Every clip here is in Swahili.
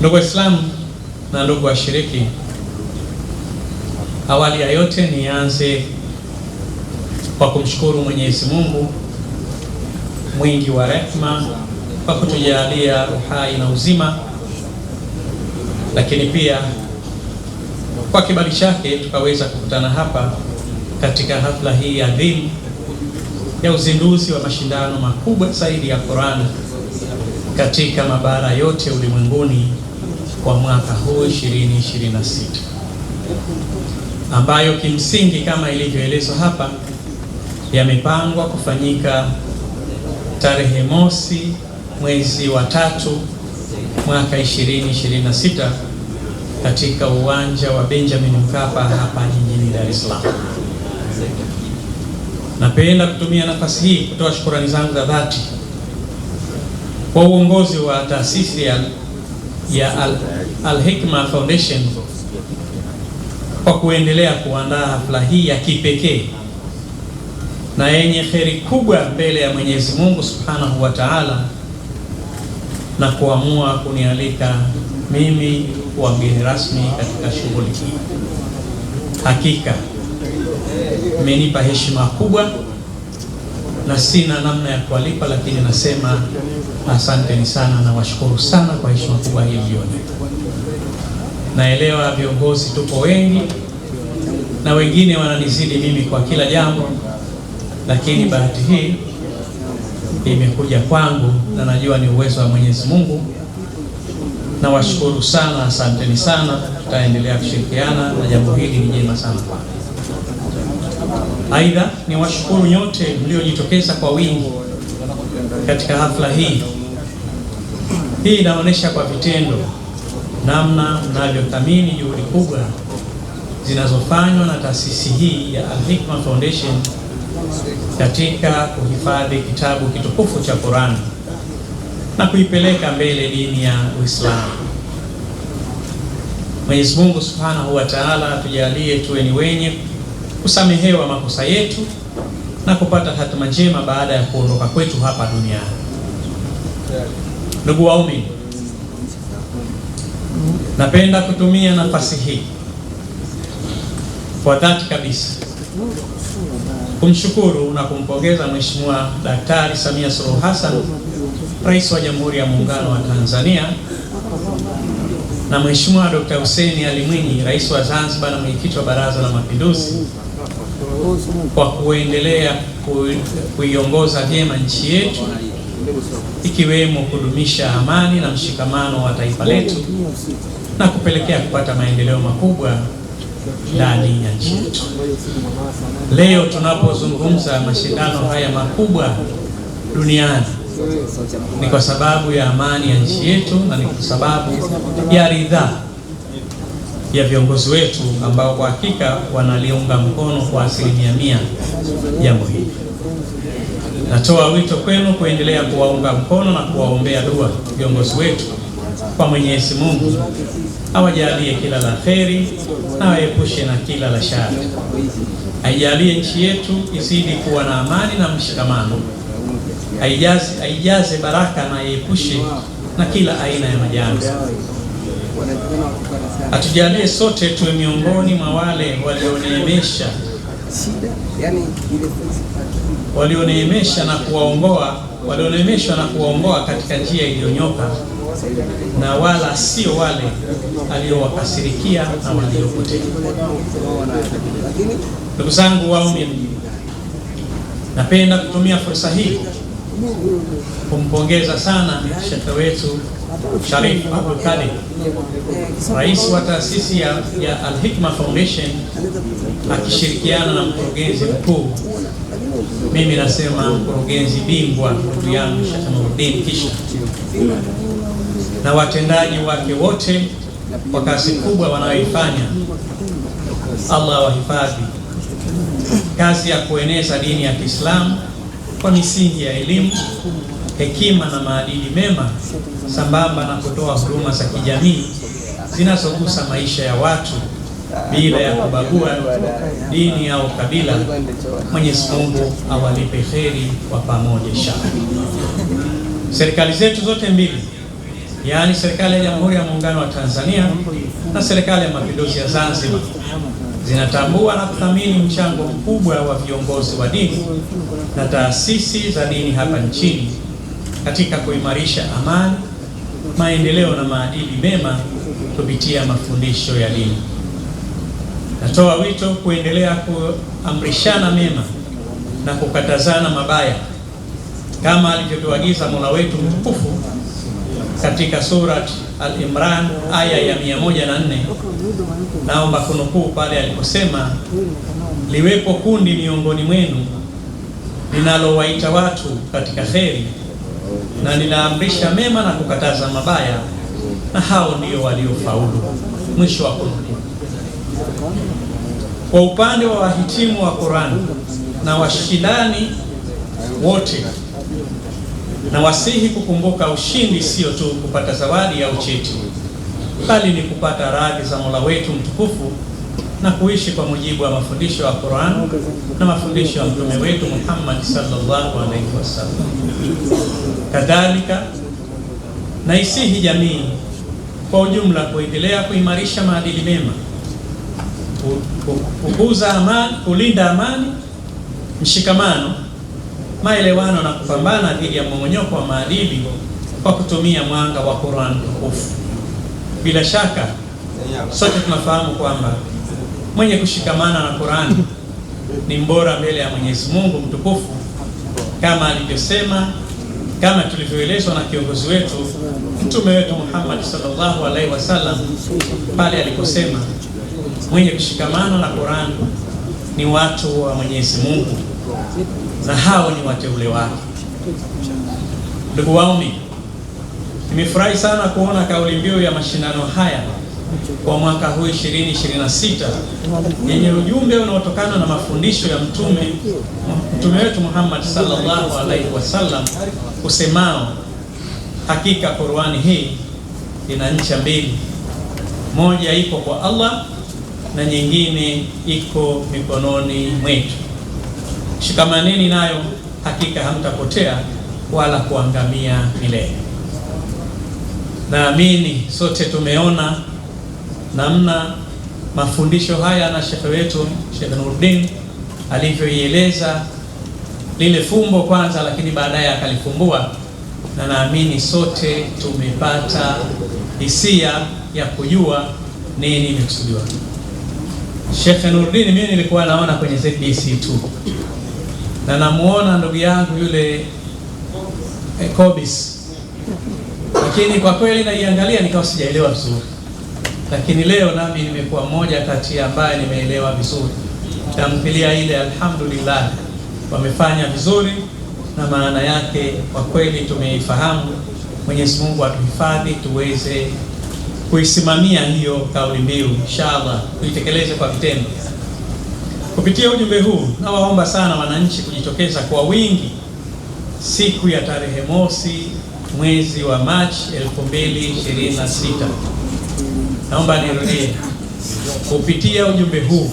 Ndugu Waislamu na ndugu washiriki, awali ya yote nianze kwa kumshukuru Mwenyezi Mungu mwingi wa rehma kwa kutujalia uhai na uzima, lakini pia kwa kibali chake tukaweza kukutana hapa katika hafla hii adhimu ya uzinduzi wa mashindano makubwa zaidi ya Qur'an katika mabara yote ulimwenguni kwa mwaka huu 2026 ambayo kimsingi kama ilivyoelezwa hapa yamepangwa kufanyika tarehe mosi mwezi wa tatu mwaka 2026 katika uwanja wa Benjamin Mkapa hapa jijini Dar es Salaam. Napenda kutumia nafasi hii kutoa shukurani zangu za dhati kwa uongozi wa taasisi ya ya Al, Al Hikma Foundation kwa kuendelea kuandaa hafla hii ya kipekee na yenye kheri kubwa mbele ya Mwenyezi Mungu Subhanahu wa Ta'ala, na kuamua kunialika mimi kuwa mgeni rasmi katika shughuli hii. Hakika imenipa heshima kubwa na sina namna ya kuwalipa, lakini nasema asanteni sana, nawashukuru sana kwa heshima kubwa hii mlione. Naelewa viongozi tupo wengi na wengine wananizidi mimi kwa kila jambo, lakini bahati hii imekuja kwangu na najua ni uwezo wa Mwenyezi Mungu. Nawashukuru sana, asanteni sana. Tutaendelea kushirikiana na jambo hili, ni jema sana kwangu. Aidha, ni washukuru nyote mliojitokeza kwa wingi katika hafla hii. Hii inaonyesha kwa vitendo namna mnavyothamini juhudi kubwa zinazofanywa na taasisi hii ya Al-Hikma Foundation katika kuhifadhi kitabu kitukufu cha Qur'an na kuipeleka mbele dini ya Uislamu. Mwenyezi Mungu Subhanahu wa Ta'ala atujalie tuwe ni wenye kusamehewa makosa yetu na kupata hatima njema baada ya kuondoka kwetu hapa duniani. Ndugu waumini, napenda kutumia nafasi hii kwa dhati kabisa kumshukuru na kumpongeza Mheshimiwa Daktari Samia Suluhu Hassan, Rais wa Jamhuri ya Muungano wa Tanzania, na Mheshimiwa Dr. Hussein Ali Mwinyi, Rais wa Zanzibar na Mwenyekiti wa Baraza la Mapinduzi kwa kuendelea kuiongoza vyema nchi yetu ikiwemo kudumisha amani na mshikamano wa taifa letu na kupelekea kupata maendeleo makubwa ndani ya nchi yetu. Leo tunapozungumza mashindano haya makubwa duniani ni kwa sababu ya amani ya nchi yetu na ni kwa sababu ya ridhaa ya viongozi wetu ambao kwa hakika wanaliunga mkono kwa asilimia mia jambo hili. Natoa wito kwenu kuendelea kuwaunga mkono na kuwaombea dua viongozi wetu kwa Mwenyezi Mungu awajalie kila la kheri na waepushe na kila la shari, aijalie nchi yetu izidi kuwa na amani na mshikamano, aijaze baraka na aepushe na kila aina ya majanga. Atujalie sote tuwe miongoni mwa wale walioneemesha walioneemesha na kuwaongoa walioneemeshwa na kuwaongoa katika njia iliyonyoka, na wala sio wale aliowakasirikia na waliopotea. Ndugu zangu waumini, napenda kutumia fursa hii kumpongeza sana shekhe wetu Sharif Abdul Qadir, rais wa taasisi ya, ya Al Hikma Foundation akishirikiana na mkurugenzi mkuu. Mimi nasema mkurugenzi bingwa ndugu yangu Shekhe Nuruddin Kisha na watendaji wake wote kwa kazi kubwa wanayoifanya. Allah wahifadhi kazi ya kueneza dini ya Kiislamu kwa misingi ya elimu, hekima na maadili mema sambamba na kutoa huduma za kijamii zinazogusa maisha ya watu bila ya kubagua dini au kabila. Mwenyezi Mungu awalipe kheri kwa pamoja inshallah. Serikali zetu zote mbili, yaani serikali ya Jamhuri ya Muungano wa Tanzania na serikali ya Mapinduzi ya Zanzibar zinatambua na kuthamini mchango mkubwa wa viongozi wa dini na taasisi za dini hapa nchini katika kuimarisha amani, maendeleo na maadili mema kupitia mafundisho ya dini. Natoa wito kuendelea kuamrishana mema na kukatazana mabaya kama alivyotuagiza Mola wetu mtukufu katika surati Al-Imran aya ya 104, naomba kunukuu pale aliposema, liwepo kundi miongoni mwenu linalowaita watu katika kheri na linaamrisha mema na kukataza mabaya, na hao ndio waliofaulu. Mwisho wa kunukuu. Kwa upande wa wahitimu wa Qur'an na washindani wote na wasihi kukumbuka ushindi sio tu kupata zawadi au cheti, bali ni kupata radhi za Mola wetu mtukufu na kuishi kwa mujibu wa mafundisho ya Qur'an na mafundisho ya mtume wetu Muhammad sallallahu alaihi wasallam. Kadhalika naisihi jamii kwa ujumla kuendelea kuimarisha maadili mema, kukuza amani, kulinda amani, mshikamano maelewano na kupambana dhidi ya mmomonyoko wa maadili kwa kutumia mwanga wa Qur'an tukufu. Bila shaka sote tunafahamu kwamba mwenye kushikamana na Qur'an ni mbora mbele ya Mwenyezi Mungu mtukufu, kama alivyosema, kama tulivyoelezwa na kiongozi wetu mtume wetu Muhammad sallallahu alaihi wasallam pale aliposema, mwenye kushikamana na Qur'an ni watu wa Mwenyezi Mungu na hao ni wateule wake. Ndugu waumi, nimefurahi sana kuona kauli mbiu ya mashindano haya kwa mwaka huu 2026 yenye ujumbe unaotokana na mafundisho ya mtume mtume wetu Muhammad sallallahu alaihi wasallam kusemao, hakika Qur'ani hii ina ncha mbili, moja iko kwa Allah na nyingine iko mikononi mwetu. Shikamaneni nayo, hakika hamtapotea wala kuangamia milele. Naamini sote tumeona namna mafundisho haya na shekhe wetu Sheikh Nuruddin alivyoieleza lile fumbo kwanza, lakini baadaye akalifumbua, na naamini sote tumepata hisia ya kujua nini imekusudiwa. Sheikh Nuruddin, mimi nilikuwa naona kwenye ZBC tu na namuona ndugu yangu yule eh, Kobis, lakini kwa kweli naiangalia nikawa sijaelewa vizuri, lakini leo nami nimekuwa mmoja kati ya ambaye nimeelewa vizuri tamthilia ile. Alhamdulillah, wamefanya vizuri na maana yake kwa kweli tumeifahamu. Mwenyezi Mungu atuhifadhi tuweze kuisimamia hiyo kauli mbiu, inshallah tuitekeleze kwa vitendo. Kupitia ujumbe huu nawaomba sana wananchi kujitokeza kwa wingi siku ya tarehe mosi mwezi wa Machi 2026. Naomba nirudie, kupitia ujumbe huu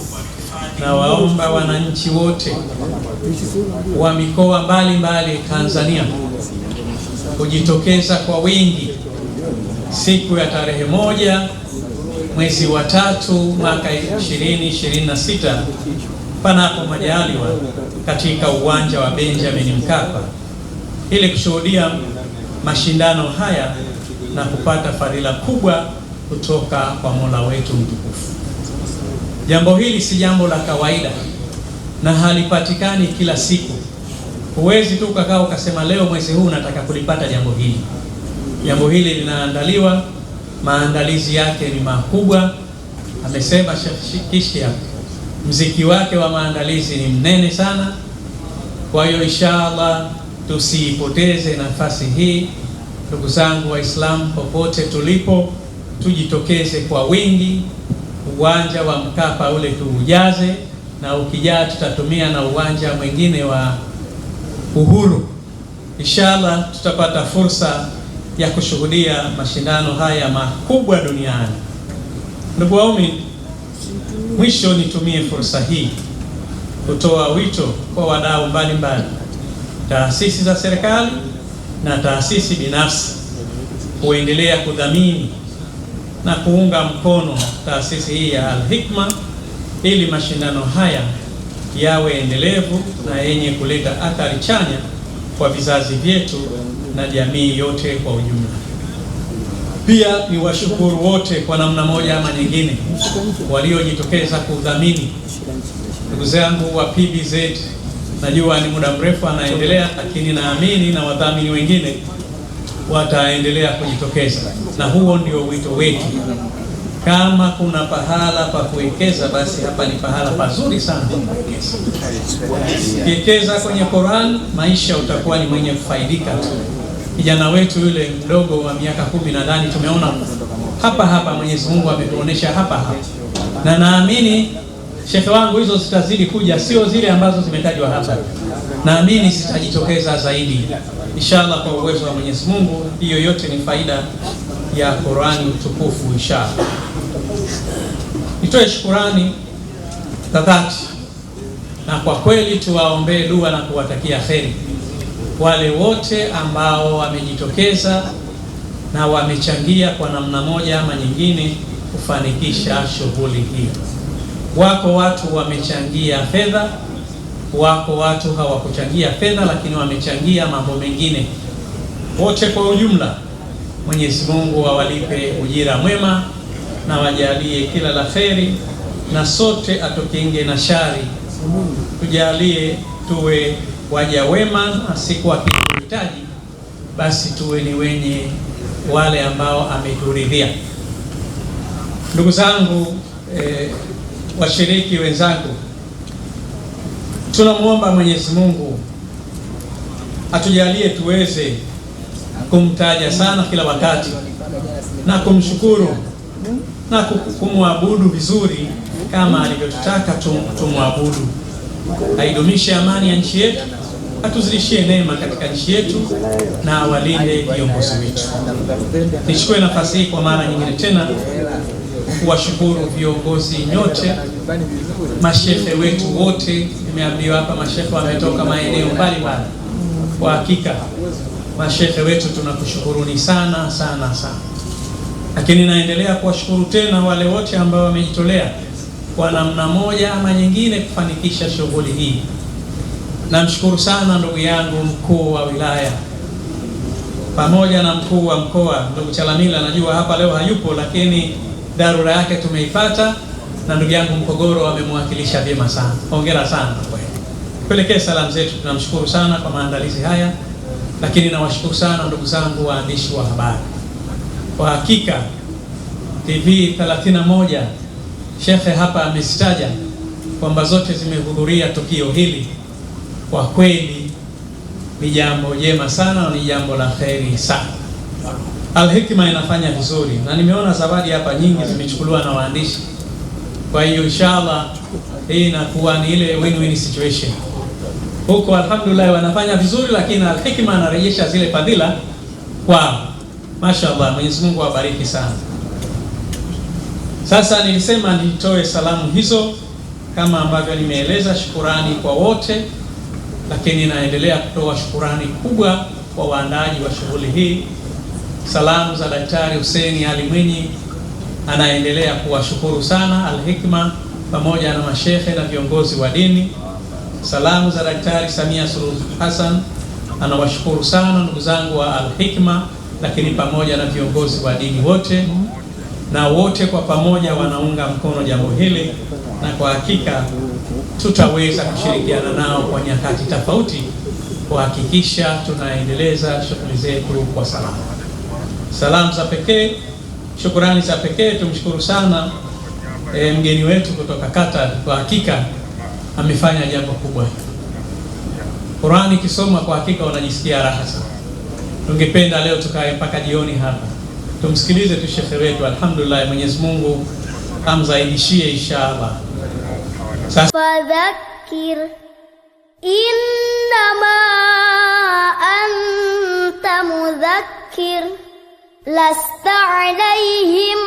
nawaomba wananchi wote wa mikoa mbalimbali Tanzania kujitokeza kwa wingi siku ya tarehe moja mwezi wa tatu mwaka 2026 panapo majaliwa katika uwanja wa Benjamin Mkapa ili kushuhudia mashindano haya na kupata fadhila kubwa kutoka kwa Mola wetu mtukufu. Jambo hili si jambo la kawaida na halipatikani kila siku. Huwezi tu ukakaa ukasema leo mwezi huu nataka kulipata jambo hili. Jambo hili linaandaliwa maandalizi yake ni makubwa. Amesema Sheikh Kishkia, mziki wake wa maandalizi ni mnene sana. Kwa hiyo inshallah tusiipoteze nafasi hii, ndugu zangu Waislamu popote tulipo, tujitokeze kwa wingi. Uwanja wa Mkapa ule tuujaze, na ukijaa tutatumia na uwanja mwingine wa Uhuru. Inshallah tutapata fursa ya kushuhudia mashindano haya makubwa duniani. Ndugu waumi, mwisho nitumie fursa hii kutoa wito kwa wadau mbalimbali, taasisi za serikali na taasisi binafsi kuendelea kudhamini na kuunga mkono taasisi hii ya Al-Hikma ili mashindano haya yawe endelevu na yenye kuleta athari chanya kwa vizazi vyetu na jamii yote kwa ujumla. Pia ni washukuru wote kwa namna moja ama nyingine waliojitokeza kudhamini. Ndugu zangu wa PBZ, najua ni muda mrefu anaendelea, lakini naamini na wadhamini wengine wataendelea kujitokeza, na huo ndio wito wetu. Kama kuna pahala pa kuwekeza, basi hapa ni pahala pazuri sana kuwekeza. kwenye Qur'an, maisha utakuwa ni mwenye kufaidika tu kijana wetu yule mdogo wa miaka kumi nadhani tumeona hapa hapa, Mwenyezi Mungu ametuonesha hapa hapa, na naamini shekhe wangu, hizo zitazidi kuja, sio zile ambazo zimetajwa hapa, naamini zitajitokeza zaidi inshallah, kwa uwezo wa Mwenyezi Mungu. Hiyo yote ni faida ya Qurani tukufu inshallah. Nitoe shukurani za dhati na kwa kweli tuwaombee dua na kuwatakia kheri wale wote ambao wamejitokeza na wamechangia kwa namna moja ama nyingine kufanikisha shughuli hii. Wako watu wamechangia fedha, wako watu hawakuchangia fedha, lakini wamechangia mambo mengine. Wote kwa ujumla, Mwenyezi Mungu awalipe ujira mwema na wajalie kila la kheri, na sote atukinge na shari, tujalie tuwe waja wema na siku akituhitaji, basi tuwe ni wenye wale ambao ameturidhia. Ndugu zangu, eh, washiriki wenzangu, tunamwomba Mwenyezi Mungu atujalie tuweze kumtaja sana kila wakati na kumshukuru na kumwabudu vizuri kama alivyotutaka tumwabudu aidumishe amani ya nchi yetu, atuzidishie neema katika nchi yetu na awalinde viongozi wetu. Nichukue nafasi hii kwa mara nyingine tena kuwashukuru viongozi nyote, mashehe wetu wote. Nimeambiwa hapa mashehe wametoka maeneo mbalimbali. Kwa hakika mashehe wetu tunakushukuruni sana sana sana, lakini naendelea kuwashukuru tena wale wote ambao wamejitolea kwa namna moja ama nyingine kufanikisha shughuli hii. Namshukuru sana ndugu yangu mkuu wa wilaya pamoja na mkuu wa mkoa ndugu Chalamila, najua hapa leo hayupo, lakini dharura yake tumeipata na ndugu yangu Mkogoro amemwakilisha vyema sana. Hongera sana kweli, pelekee salamu zetu. Tunamshukuru sana kwa maandalizi haya, lakini nawashukuru sana ndugu zangu waandishi wa habari. Kwa hakika TV 31 Shekhe hapa amezitaja kwamba zote zimehudhuria tukio hili. Kwa kweli ni jambo jema sana, ni jambo la kheri sana. Alhikma inafanya vizuri, na nimeona zawadi hapa nyingi zimechukuliwa na waandishi. Kwa hiyo inshallah hii inakuwa ni ile win-win situation huko, alhamdulillah wanafanya vizuri, lakini Alhikma anarejesha zile fadhila kwao. Mashaallah, Mwenyezi Mungu awabariki sana. Sasa nilisema nitoe salamu hizo kama ambavyo nimeeleza shukurani kwa wote, lakini naendelea kutoa shukurani kubwa kwa waandaji wa shughuli hii. Salamu za Daktari Hussein Ali Mwinyi, anaendelea kuwashukuru sana Al-Hikma pamoja na mashehe na viongozi wa dini. Salamu za Daktari Samia Suluhu Hassan, anawashukuru sana ndugu zangu wa Al-Hikma, lakini pamoja na viongozi wa dini wote na wote kwa pamoja wanaunga mkono jambo hili, na kwa hakika tutaweza kushirikiana nao kwa nyakati tofauti kuhakikisha tunaendeleza shughuli zetu kwa salama. Salamu za pekee, shukurani za pekee, tumshukuru sana e, mgeni wetu kutoka Qatar. Kwa hakika amefanya jambo kubwa. Qurani kisoma kwa hakika unajisikia raha sana. Tungependa leo tukae mpaka jioni hapa Tumsikilize tu shekhe wetu, alhamdulillah, Mwenyezi Mungu amzaidishie inshallah. Sasa fadhakir innama anta mudhakkir lasta alayhim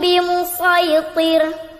bimusaytir